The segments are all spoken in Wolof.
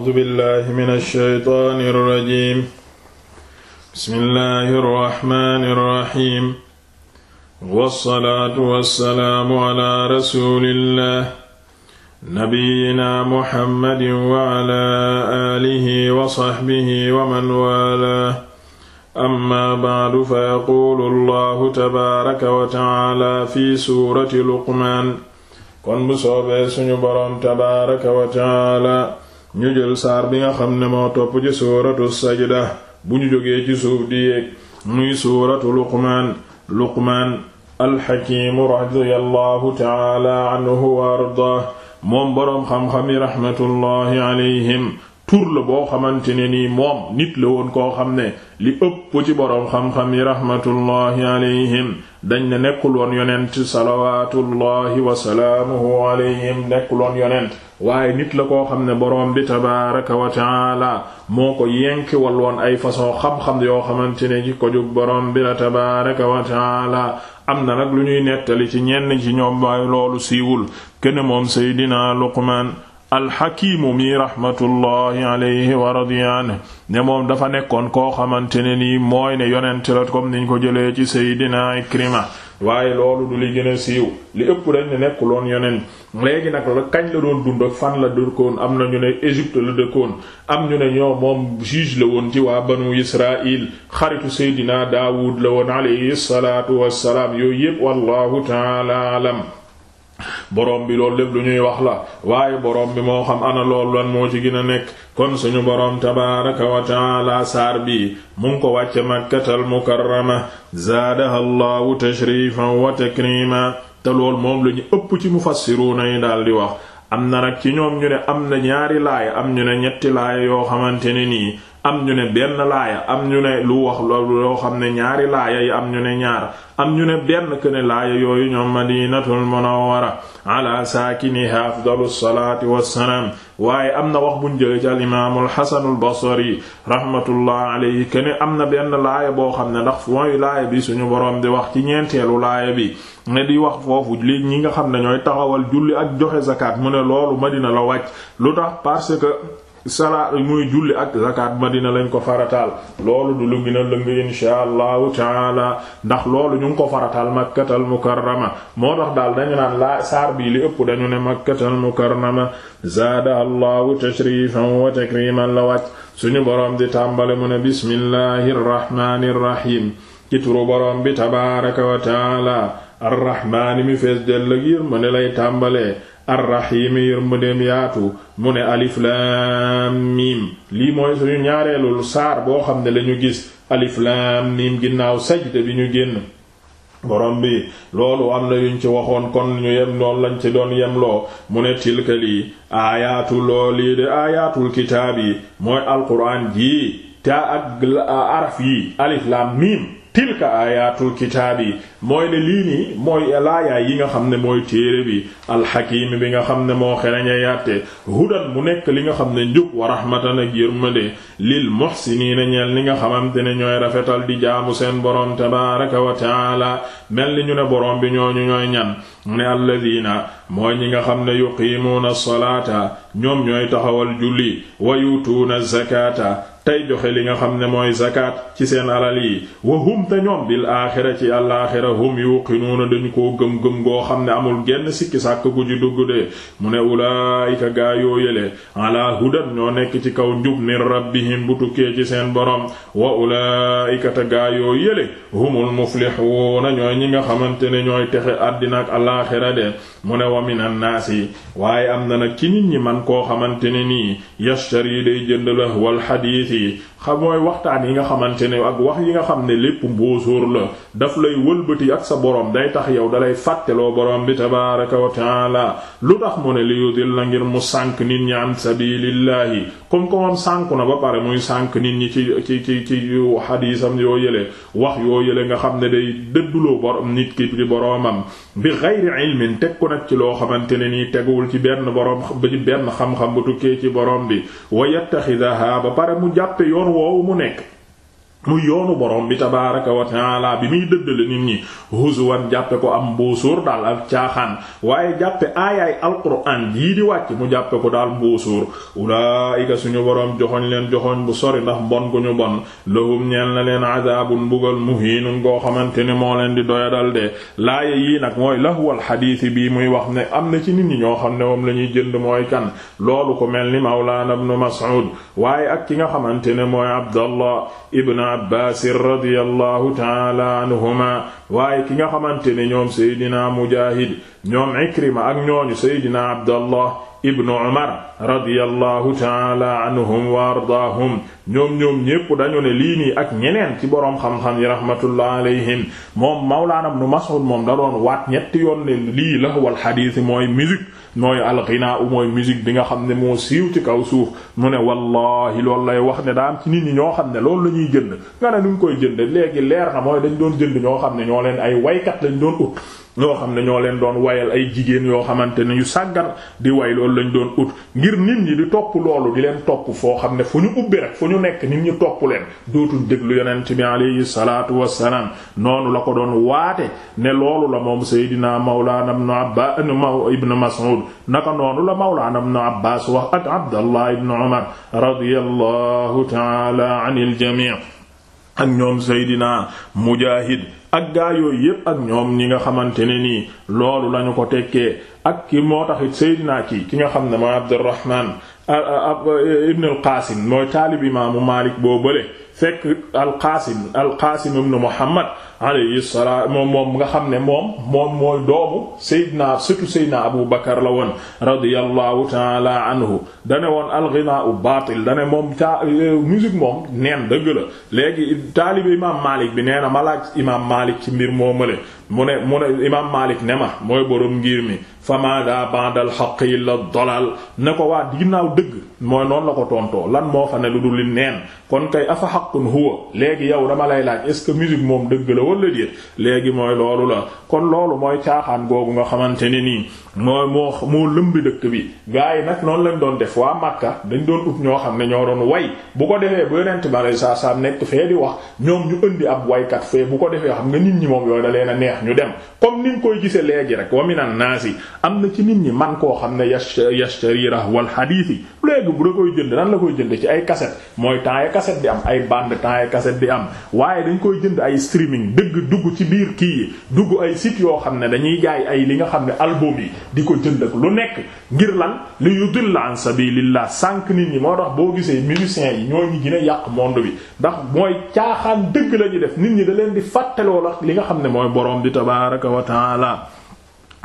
A'uuzu billaahi mina shaytaani rajiim. Bismillaahi rahmaani rahiim. Wassalaatu wassalaamu alaa rasuulillaahi nabiyyinaa Muhammadin wa alaa aalihi wa sahbihi wa man waalaahu. Ammaa ba'du fa yaquulu Allaahu tabaaraka wa ta'aalaa fi suurati Luqmaan. Kon bu soobee suñu boroom tabaaraka wa ta'aalaa. ñu jël saar bi nga xam ne moo topp ci suuratu sajda bu ñu jógee ci suuf di yéeg muy suuratu luqmaan luqmaan alxakiimu radiyallahu taala anhu wa arda moom boroom xam-xami raxmatullahi alayhim tur boo xamante ne nii moom nit la woon koo xam ne li ëpp ci boroom xam-xam yi rahmatullahi alayhim dañ ne nekkul woon yonent salawaatullahi wasalaamuhu alayhim nekkul woon yonent waaye nit la koo xam ne boroom bi tabaaraka wa taala moo ko yenki woon ay façon xam-xam yoo xamante ne ci ko boroom bi la tabaaraka wa taala am na nag lu ñuy nettali ci ñenn ci ñoom waaye loolu siiwul kene moom Seydina Luqmaan alxakimu mi rahmatullahi alayhi wa radiya anhu ne moom dafa nekkoon koo xamante ne nii mooy ne yonent la comme niñ ko jëlee ci Seydina Ikrima waaye loolu du li gën a siiw li ëpp dañ ne loon yonent léegi nag la kañ la doon dund ak fan la dëkkoon am na ñu ne Égypte la dëkkoon am ñu ne ñoo moom juge la woon ci waa banu Israil xaritu Seydina Daawud la woon alayhi salaatu wassalaam yooyu yépp wallahu taala alam borom bi lool lépp lu ñuy wax la waaye borom bi moo xam ana lool lan moo ci gën a nekk kon suñu borom tabaaraka wa taala saar bi mu ngi ko wàcce makkatal mukarrama zaadaha allahu tashrifan wa takrima te lool moom la ñu ëpp ci mufassiruuna yi daal di wax am na nag ci ñoom ñu ne am na ñaari laaya am ñu ne ñetti laaya yoo xamante ne nii am ñu ne benn laaya am ñu ne lu wax loolu loo xam ne ñaari laaya yi am ñu ne ñaar am ñu ne benn que ne laaya yooyu ñoom madinatul munawwara ala saakiniha afdalu salaati wassalaam waaye am na wax buñ jëlee ci al imaam al Hasan al Basri rahmatullah alayhi kene am na benn laaya boo xam ne ndax mooy laaya bi suñu boroom di wax ci ñeenteelu laaya bi ne di wax foofu li ñi nga xam ne ñooy taxawal julli ak joxe zakat mu ne loolu Madina la wàcc lu tax parce que salaat muy julli ak zakat Madina lañ ko faratal loolu du lu gën a lëng allahu taala ndax loolu ñu ko farataal makkatal mukarrama moo tax daal dañu naan laa saar bii ëpp dañu ne makkatal mukarrama zaada allahu tashrifan wa takriman la wàcc suñu boroom di tàmbale mu ne bismillahi rrahmani rrahim ci turu bi tabaraka wa taala arrahmaani mi fees dell ak yër ne lay tàmbalee arrahimi yërmandeem yaatu mu ne alif lam miim lii mooy suñu ñaareelul saar boo xam ne lañu gis alif lam miim ginnaaw sajda bi ñu génn borom bi loolu am na yuñ ci waxoon kon ñu yem noonu lañ ci doon yemloo mu ne tilka aayaatu lool yi de aayaatul kitaab yi mooy alquraan jii taa ak araf yi alif miim tilka ayatul kitaabi mooy ne lii mooy laayaay yi nga xam ne mooy téere bi alxakiimi bi nga xam ne moo xereña yatte hudan mu nekk li nga xam ne njub wa rahmatan ak yërmande lil muhsiniina ñeel li nga xamante ne ñooy rafetal di jaamu seen boroom tabaaraka wa taala mel ni ñu ne boroom bi ñooñu ñooy ñan mu ne alladiina mooy ñi nga xam ne yuqiimuuna salaata ñoom ñooy taxawal julli wa yutuuna zakaata tey joxe li nga xam ne mooy zakat ci seen alal yi wa hum te ñoom bil aaxira ci alaaxira hum yuqinuuna dañu ko gëm-gëm goo xam ne amul genn sikki sàkk gu ci dugg de mu ne ulaayika gaa yoo yële ala hudan ñoo nekk ci kaw njub min rabbihim bu tukkee ci seen borom wa ulaayika te gaa yoo yële humul muflixuuna ñooy ñi nga xamante ne ñooy texe àddina ak alaaxira de mu ne wa minan yi waaye am na nag ci nit ñi man koo xamante ne nii yashtari day jënd la wal hadiis yi xam mooy waxtaan yi nga xamante ne ak wax yi nga xam ne lépp mboosóor la daf lay wëlbati ak sa boroom day tax yow dalay fàtteloo boroom bi tabaaraka wa taala lu tax mu ne li yudil la ngir mu sànk nit ñi an sabilillahi comme ko moom sànku na ba pare muy sànk nit ñi ci ci ci ci xadiisam yoo yële wax yoo yële nga xam ne day dëdduloo borom nit ki ci boromam bi geyri ilmin teg ko nag ci loo xamante ne nii teguwul ci benn boroom ba ci benn xam-xam bu tukkee ci borom bi yoon woowu mu nekk muy yoonu borom bi tabaaraka wa taala bi muy dëddale nit ñi huzuwan jàppe ko am mbóosóor daal ak caaxaan waaye jàppe aayaay alquran yii di wàcc mu jàppe ko daal mbóosóor ulaayika suñu borom joxoñ leen joxoñ bu sori ndax bon ku ñu bon lahum ñeel na leen adaabun mbugal mu muhiinun goo xamante ne moo leen di doyadal de laaya yii nag mooy lahwal xadiisi bii muy wax ne am na ci nit ñi ñoo xam ne moom la ñuy jënd mooy kan loolu ko mel ni mawlaana ibnu mas'ud waaye Abbaas radiyallahu taala anhuma waaye ki nga xamante ne ñoom Seydina Mujaahid ñoom Ikrima ak ñooñu Seydina Abdallah ibnu umar radiyallahu taala anhum wa ardaahum ñoom ñoom ñépp dañu ak ñeneen ci boroom xam-xam yi rahmatullah alayhim moom mawlaana ibnu mas'ud moom da doon waat ñetti yoon lii la wal xadiis mooy musique mooy alxinaa u mooy musique bi nga xam ne moo siiw ci kaw suuf mu ne wallahi loolu lay wax ne daa am ci nit ñi ñoo xam ne loolu la ñuy jënd nga ne nu koy jënd léegi leer na mooy dañ doon jënd ñoo xam ne ñoo leen ay waykat lañ doon ut yoo xam ne ñoo leen doon wayal ay jigéen yoo xamante ne ñu sàggan di way loolu lañ doon ut ngir nit ñi di topp loolu di leen topp foo xam ne fu ñu ubbi rek fu ñu nekk nit ñi topp leen dootuñ déglu yonent bi alayhi salaatu wassalaam noonu la ko doon waate ne loolu la moom Seydina Mawlaana ibn Abbaas ibn Mas'ud naka noonu la Mawlaana ibn Abbaas wax ak Abdallah ibn Umar radiyallahu ta'ala anil jamii' ak ñoom Seydina Mujaahid ak gaa yooyu yépp ak ñoom ñi nga xamante ne nii loolu lañu ko tekkee ak ki moo taxit Seydina kii ki nga xam ne mooy Abdurrahman ibn al-Qasim mooy taalib imaamu Maalik boo bële fekk al-Qasim al Muhammad alayhi salaam moom moom nga xam ne moom moom mooy doomu Seydina surtout Seydina Abu Bakar la woon radiyallahu taala anhu dane woon alghina'u baatil dane moom ta euh, musique moom neen dëgg la léegi taalibe imaam Maalik bi nee na ma laaj imaam Maalik ci mbir moo male mu ne imaam Maalik ne ma mooy boroom ngir mi fa maada ba'dal yi la dolal ne ko waa ginnaaw dëgg mooy noonu la ko tontoo lan moo fa ne lu dul neen kon kay afa haqqun huwa léegi yow dama lay laaj est wala déet léegi mooy loolu la kon loolu mooy caaxaan googu nga xamante ne nii mooy moo moo lëmbi dëkk bi gars yi nag noonu lañ doon def waa Makka dañ doon ut ñoo xam ne ñoo doon way bu ko defee bu yonent bi alayhi salaatu salaam nekk fee di wax ñoom ñu indi ab waykat fee bu ko defee xam nga nit ñi moom yooyu da leen a neex ñu dem comme niñ koy gisee léegi rek wa minan naasi am na ci nit ñi man koo xam ne yashtari rahwal hadiis yi léegi bu da koy jënd nan la koy jënd ci ay cassette mooy temps ya cassette di am ay bande temps ya cassette di am waaye dañ koy jënd ay streaming dëgg dugg ci biir kii dugg ay site yoo xam ne dañuy jaay ay li nga xam ne album yi di ko jënd ak lu nekk ngir lan li yudilla an sabilillah sànq nit ñi moo tax boo gisee musiciens yi ñoo ñi gën yàq monde bi ndax mooy caaxaan dëgg la ñu def nit ñi da leen di fàttaloo la li nga xam ne mooy borom di tabaraka wa taala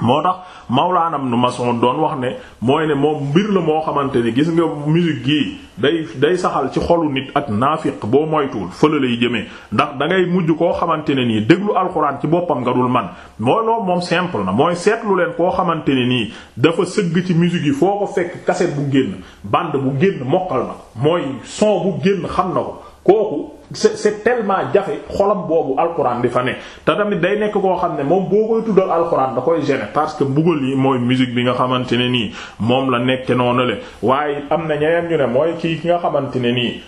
moo tax Mawlaana nu mason doon wax ne mooy ne moom mbir la moo xamante ni gis nga musique gii day day saxal ci xolu nit ak naafiq boo moytuwul fële lay jëmee ndax da ngay mujj koo xamante ne nii déglu alxuraan ci boppam nga dul man mooy loolu moom simple na mooy seetlu leen koo xamante ne nii dafa sëgg ci musique yi foo ko fekk cassette bu génn bande bu génn mokkal na mooy son bu génn xam na ko kooku. c'est c'est tellement jafe xolam boobu alxuraan di fa ne te tamit day nekk koo xam ne moom boo koy tuddal alxuraan da koy gêner parce que mbugal yi mooy musique bi nga xamante ne nii moom la nekk noonu le waaye am na ñeneen ñu ne mooy kii ki nga xamante ne nii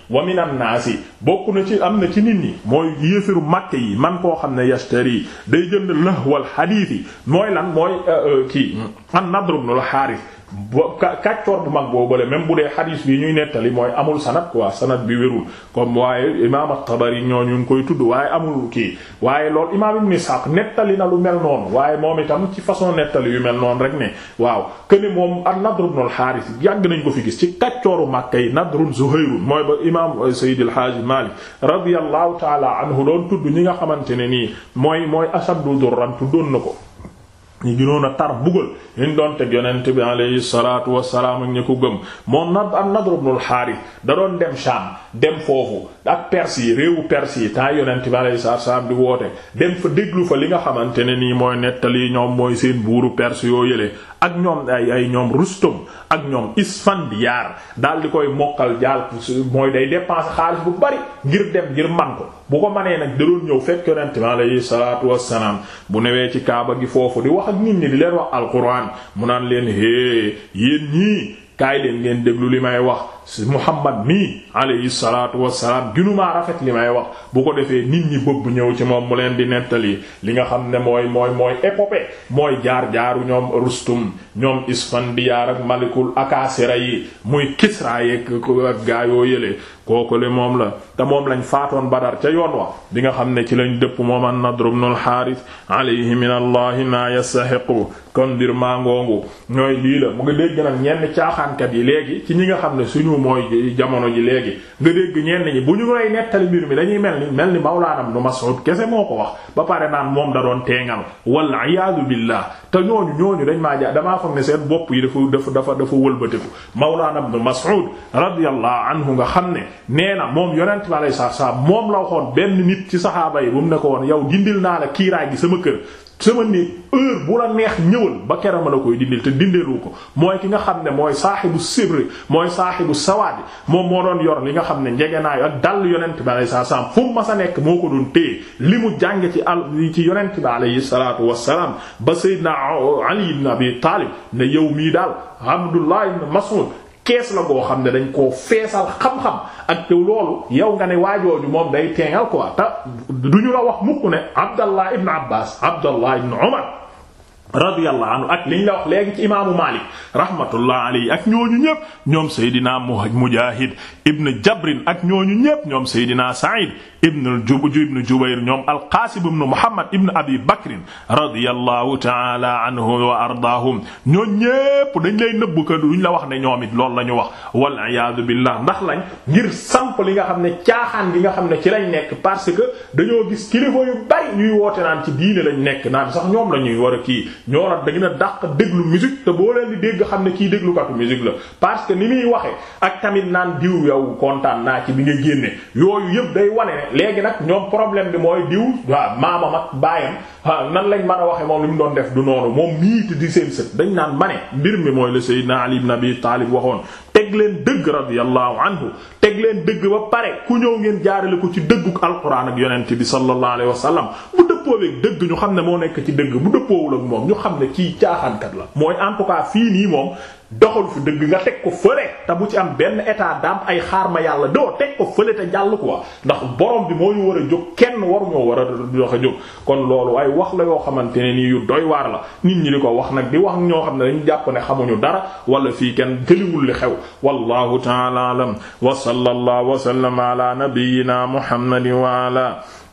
naa si bokk na ci am na ci nit ñi mooy yéefiru màkke yi man koo xam ne yashtari day jënd lahwal xadiis yi mooy lan mooy euh, euh, kii an nadrum nul xaaris bo kàccoor bu mag boo bële même bu dee xadiis bi ñuy nettali mooy amul sanad quoi sanad bi wérul comme waaye imaam at-Tabari ñoo ñu ngi koy tudd waaye amul kii waaye loolu imaam Ibn Ishaq nettali na lu mel noonu waaye moom itam ci façon nettali yu mel noonu rek ne waaw këni moom an-Nadr ibn al yàgg nañ ko fi gis ci kàccooru Makka yi Nadrun Zuhayrun mooy ba imaam Sayyid al-Hajj Malik radiyallahu ta'ala anhu doon tudd ñi nga xamante ne nii mooy mooy ashaddu durran tuddoon na ko ñi gënoon a tar bugal liñ doon teg yonent bi alayhi salaatu wassalaam ak ñi ko gëm moom na am Nadr ibn al da doon dem Sham dem foofu ak Perse yi réewu pers yi temps yonent bi alayhi salaatu wassalaam di woote dem fa déglu fa li nga xamante ne nii mooy nettali ñoom mooy seen buuru pers yoo yële ak ñoom ay ay ñoom Rustum ak ñoom Isfandiyaar daal di koy mokkal jaal mooy day dépenser xaalis bu bari ngir dem ngir man bu ko manee nag da ñëw fekk yonent bi alayhi salaatu wassalaam bu newee ci kaaba gi foofu di wax ak nit ñi di leen wax alquran mu naan leen hee yéen ñii kaay leen ngeen déglu li may wax si Muhammad mii alayhi salaatu wassalaam ginumaa rafet li may wax bu ko defee nit ñi bëgg ñëw ci moom mu leen di nettali li nga xam ne mooy mooy mooy épopée mooy jaar-jaaru ñoom Rustum ñoom Isfandiyaar ak Malikul Akaasira yi muy Kisra yeeg ak gaayoo yële kooku le moom la te moom lañ faatoon Badar ca yoon wa bi nga xam ne ci lañ dëpp moom an Nadru ibnul Haaris alayhi minallahi ma yastahiqu kon mbir maa ngoongu ñooy lii la mu nga dégg nag ñenn caaxaankat yi léegi ci ñi nga xam ne suñu mooy jamono ji léegi nga dégg ñenn ñi bu ñu koy nettali mbir mi dañuy mel ni mel ni mawlaanam nu Mas'ud kese moo ko wax ba pare naan moom da doon teengal walla iyaadu billah te ñooñu ñooñu dañ maa ja damaa foog ne seet bopp yi dafa dafa dafa dafa wëlbatiku mawlaana ibn Mas'ud radiyallahu anhu nga xam ne nee na moom yonent bi alayhi salaam moom la waxoon benn nit ci saxaaba yi bu ne ko woon yow dindil naa la gi sama kër sama néeg heure bu la neex ñëwal ba kera ma la koy dindil te dindeelu ko mooy ki nga xam ne mooy saaxibu sibri mooy saaxibu sawaadi moom moo doon yor li nga xam ne njege njegenaayu ak dal yonent bi alayhi salaam fu ma sa nekk moo ko doon téye li mu jàng ci al ci yonent bi alayhi salaatu salaam ba Seydina Ali ibn Abi Taalib ne yow mii daal Abdullah ibn Mas'ud kees la goo xam ne dañ koo feesal xam-xam ak te loolu yow nga ne waajooju moom day teengal quoi te duñu la wax mukk ne Abdallah ibn Abbas Abdallah ibn Umar radiyallahu anhu ak liñ la wax léegi ci imaamu Maalik rahmatullah alayhi ak ñooñu ñëpp ñoom Seydina Mujaahid ibn Jabrin ak ñooñu ñëpp ñoom Seydina Saïd ibn Jubayr ibn Jubayr ñoom al-Qaasim ibn Muhammad ibn Abi Bakrin radiyallahu ta'ala anhu wa ardaahum ñooñu ñëpp dañ lay nëbb ko duñ la wax ne ñoom it loolu la ñu wax wal iyaadu billah ndax lañ ngir samp li nga xam ne caaxaan gi nga xam ne ci lañ nekk parce que dañoo gis kilifa yu bari ñuy woote naan ci diine lañ nekk naan sax ñoom la ñuy war a kii ñoo nag da ngeen dàq déglu musique te boo leen di dégg xam ne kii déglukatu musique la parce que ni muy waxe ak tamit naan diw yow kontaan naa ci bi nga génne yooyu yëpp day wane ne léegi nag ñoom problème bi mooy diw waaw maamam ak baayam nan lañ man a waxe moom li mu doon def du noonu moom miiti di seen sët dañ naan ma ne mbir mi mooy la Seydina Ali ibn Abi Talib waxoon teg leen dëgg radiyallahu anhu teg leen dëgg ba pare ku ñëw ngeen jaarale ko ci dëgguk alquran ak yonent bi sallallahu alayhi wasallam dëppoo beeg dëgg ñu xam ne moo nekk ci dëgg bu dëppoowul ak moom ñu xam ne kii caaxaankat la mooy en fii nii moom doxal fi dëgg nga teg ko fële te bu ci am benn état d'âme ay xaar ma yàlla doo teg ko fële te jàll quoi ndax borom bi moo ñu war a jóg kenn waruñoo war a dox a jóg kon loolu wax la yoo xamante ne nii yu doy waar la nit ñi di ko wax nag di wax ñoo xam ne dañu jàpp ne xamuñu dara wala fii kenn jëliwul li xew wallahu ta'ala alam wa sallallahu wa sallama ala nabiyyina muhammadin wa ala